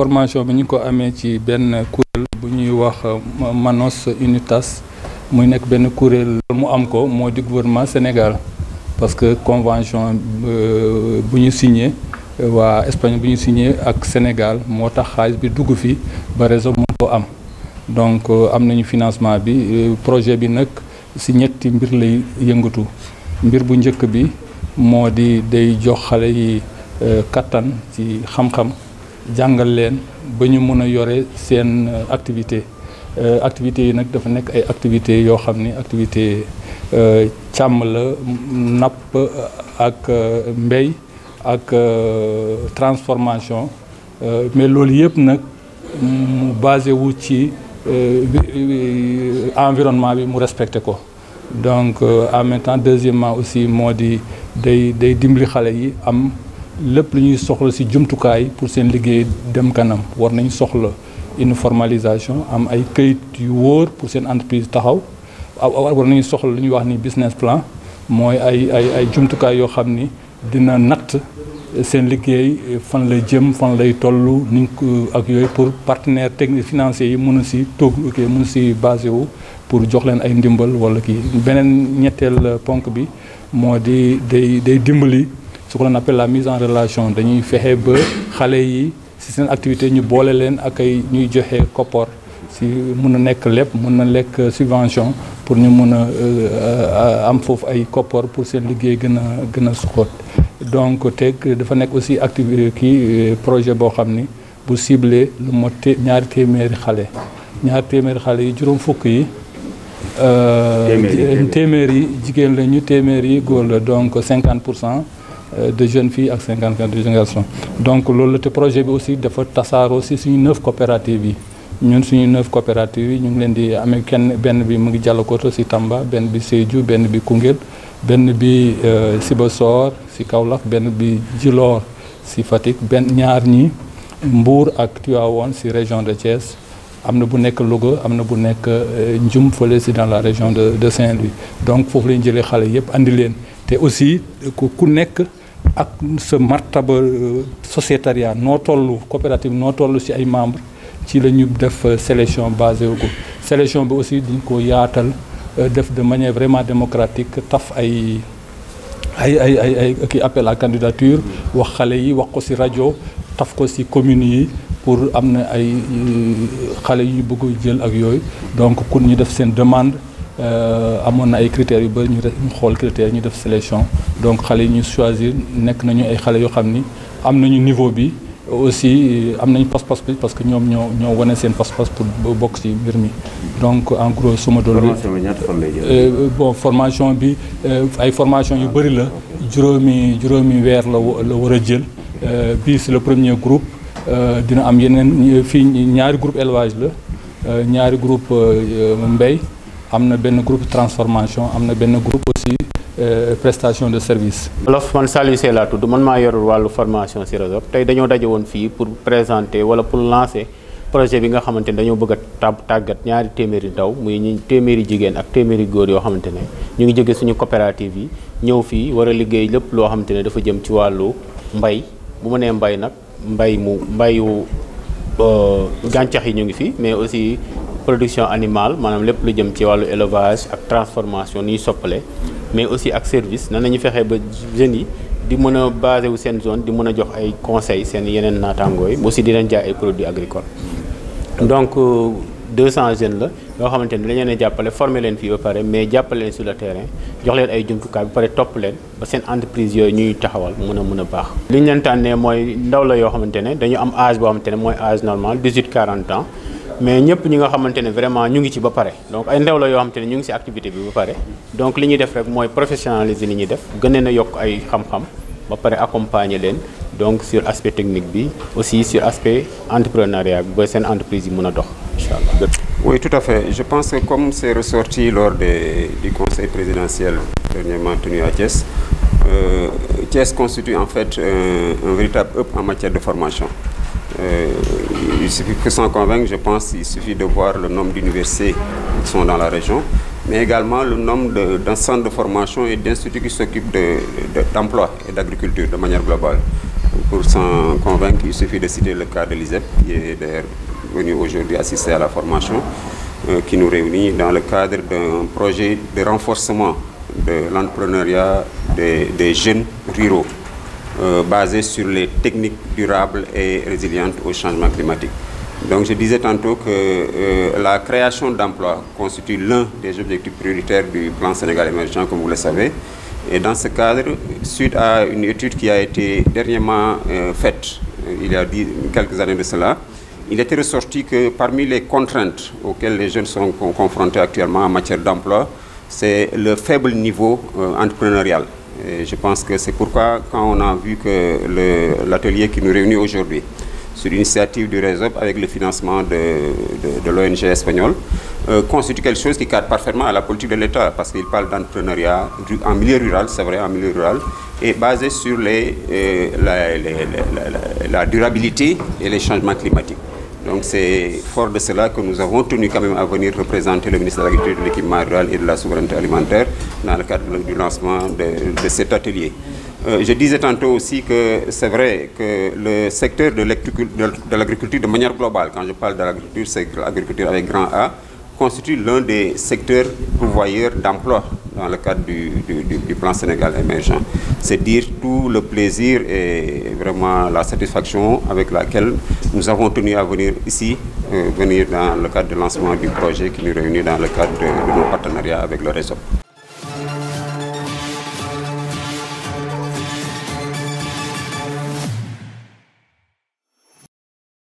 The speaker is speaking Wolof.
formation bi ñu ko amee ci benn kuréel bu ñuy wax euh, Manos Unitas muy nekk benn kuréel mu am ko moo di gouvernement Sénégal parce que convention euh, bu ñu signé euh, waa Espagne bu ñu signé ak Sénégal moo tax xaalis bi dugg fi ba réseau moo ko am donc am nañu financement bi projet bi nag si ñetti mbir lay yëngatu mbir bu njëkk bi moo di day jox xale yi kattan ci xam-xam jàngal leen ba ñu mën a yore seen euh, activité euh, activités yi nag dafa nekk ay activité yoo xam ni activité euh, càmm la napp ak mbéy ak transformation mais loolu yëpp nag mu basé wu ci environnement bi mu respecté ko donc en même temps deuxièmement aussi moo di day day dimbali xale yi am lépp lu ñuy soxla ci jumtukaay pour seen liggéey dem kanam war nañ soxla une formalisation am ay kayit yu wóor pour seen entreprise taxaw war nañu soxla lu ñuy wax ni business plan mooy ay ay ay jumtukaay yoo xam ni dina natt seen liggéey fan lay jëm fan lay toll niñ ak yooyu pour partenaires techniques financiers yi mën a ci toog ok mën ci basé wu pour jox leen ay ndimbal walla kii beneen ñetteel ponk bi moo di day day dimbali. ce qu'on appelle la mise en relation dañuy fexe ba xale yi si seen activité ñu boole leen ak ay ñuy joxe koppar si mun a nekk lépp mun na lekk subvention pour ñu mun a euh, euh, am foofu ay koppar pour seen liggéey gën a gën a suqoot donc teg dafa nekk aussi activité euh, kii projet boo xam ni bu cible lu mot ñaari téeméeri xale ñaari téeméeri xale yi juróom fukk yi téeméer yi jigéen lañu téeméeri yi góor la donc cinquante pour cent Euh, de jeunes fii ak cinquante quatre de jeunes donc loolu la te projet bi aussi dafa tasaaroo si suñu neuf coopératives yi ñun suñu neuf coopératives yi ñu ngi leen di amee kenn benn bi mu ngi koto si Tamba benn bi Sédhiou benn bi Koungheul benn bi euh, Sibassor si Kaolack benn bi Djilor si Fatick benn ñaar ñi Mbour ak Tivaouane si région de Thiès am na bu nekk Louga am na bu nekk euh, Ndioum fële si dans la région de de Saint-Louis donc foofu la jële xale yëpp andi leen te aussi ku nekk. ak sa martaba euh, sociétariat noo toll coopérative noo toll ci ay membres ci la ñu def euh, sélection basé wu ko sélection bi aussi dañ ko yaatal euh, def de manière vraiment démocratique taf ay ay ay ay ay kii appel à candidature wax xale yi wax ko ci rajo taf ko ci communes yi pour am na ay xale yu bëgg jël ak yooyu donc kun ñu def seen demande Euh, amoon na ay critères yu bëri ñu def ñu xool critère ñu def sélection donc xale yi ñu choisir nekk nañu ay xale yoo xam ni am nañu niveau bi aussi euh, am nañu pas-pas bi parce que ñoom ñoo ñoo wane seen pas-pas pour bokk ci mbir mi donc en gros suma dool bi euh, bon formation bi ay formation yu bëri la juróomi juróomi weer la la war a jël bii c'est le premier groupe dina am yeneen fii ñaari groupe élevage la ñaari groupe mbay am na benn groupe transformation am na benn groupe aussi euh, prestation de service. Wolof man Saliou Seye laa tudd man ma yorul wàllu formation ci Resop tey dañoo daje woon fii pour présenter wala pour lancer projet bi nga xamante ne dañoo bëgg a tàggat ñaari téeméeri ndaw muy ñu téeméeri jigéen ak téeméeri góor yoo xamante ne ñu ngi jóge suñu coopérative yi ñëw fii war liggéey lépp loo xamante ne dafa jëm ci wàllu mbay bu ma nee mbay nag mbay mu mbayu euh, gàncax yi ñu ngi fi mais aussi. production animale maanaam lépp lu jëm ci wàllu élevage ak transformation ni soppale mais aussi ak service nan nañu fexe ba jeunes yi di mën a basé wu seen zone di mën a jox ay conseils seen yeneen naataangoo yi aussi di leen jaay ay produits agricoles donc 200 euh, la yoo xamante ni dañu leen jàppale former leen fii ba pare mais jàppale leen sur le terrain jox leen ay jumtukaay ba pare topp leen ba seen entreprise yooyu ñuy taxawal mën a mën a baax. li ñu mais ñëpp ñi nga xamante ne ñu ngi ci ba pare donc ay ndaw yoo xamante ne ñu ngi ci activité bi ba pare donc li ñuy def rek mooy professionnaliser li ñuy def gën a yokk ay xam-xam ba pare accompagner leen donc sur aspect technique bi aussi sur aspect entrepreneuriat bi ba seen entreprise yi mun a dox incha allah. oui tout à fait je pense comme c'est ressorti lors des du conseil présidentiel dernièrement tenu à Thiès ces euh, Thiès constitue en fait un, un véritable hub en matière de formation. Euh, il suffit que convaincre, je pense qu'il suffit de voir le nombre d'universités qui sont dans la région, mais également le nombre d'un centre de formation et d'instituts qui s'occupent d'emploi de, de, et d'agriculture de manière globale. Pour s'en convaincre, il suffit de citer le cas de l'ISEP, qui est venu aujourd'hui assister à la formation, euh, qui nous réunit dans le cadre d'un projet de renforcement de l'entrepreneuriat des, des jeunes ruraux. euh, basée sur les techniques durables et résilientes au changement climatique. Donc je disais tantôt que euh, la création d'emplois constitue l'un des objectifs prioritaires du plan Sénégal émergent, comme vous le savez. Et dans ce cadre, suite à une étude qui a été dernièrement euh, faite, euh, il y a dix, quelques années de cela, il était ressorti que parmi les contraintes auxquelles les jeunes sont confrontés actuellement en matière d'emploi, c'est le faible niveau euh, entrepreneurial. Et je pense que c'est pourquoi, quand on a vu que l'atelier qui nous réunit aujourd'hui, sur l'initiative du RESOP avec le financement de, de, de l'ONG espagnole, euh, constitue quelque chose qui cadre parfaitement à la politique de l'État, parce qu'il parle d'entrepreneuriat en milieu rural, c'est vrai, en milieu rural, et basé sur les, euh, la, les, la, la, la durabilité et les changements climatiques. Donc c'est fort de cela que nous avons tenu quand même à venir représenter le ministre de l'Agriculture, de l'équipement rural et de la souveraineté alimentaire dans le cadre du lancement de, de cet atelier. Euh, je disais tantôt que c'est vrai que le secteur de l'agriculture de manière globale, quand je parle de l'agriculture, c'est l'agriculture avec grand A, constitue l'un des secteurs pourvoyeurs d'emploi dans le cadre du, du, du plan Sénégal émergent. C'est dire tout le plaisir et vraiment la satisfaction avec laquelle Nous avons tenu à venir ici, euh, venir dans le cadre du lancement du projet qui nous réunit dans le cadre de, de nos partenariats avec le réseau.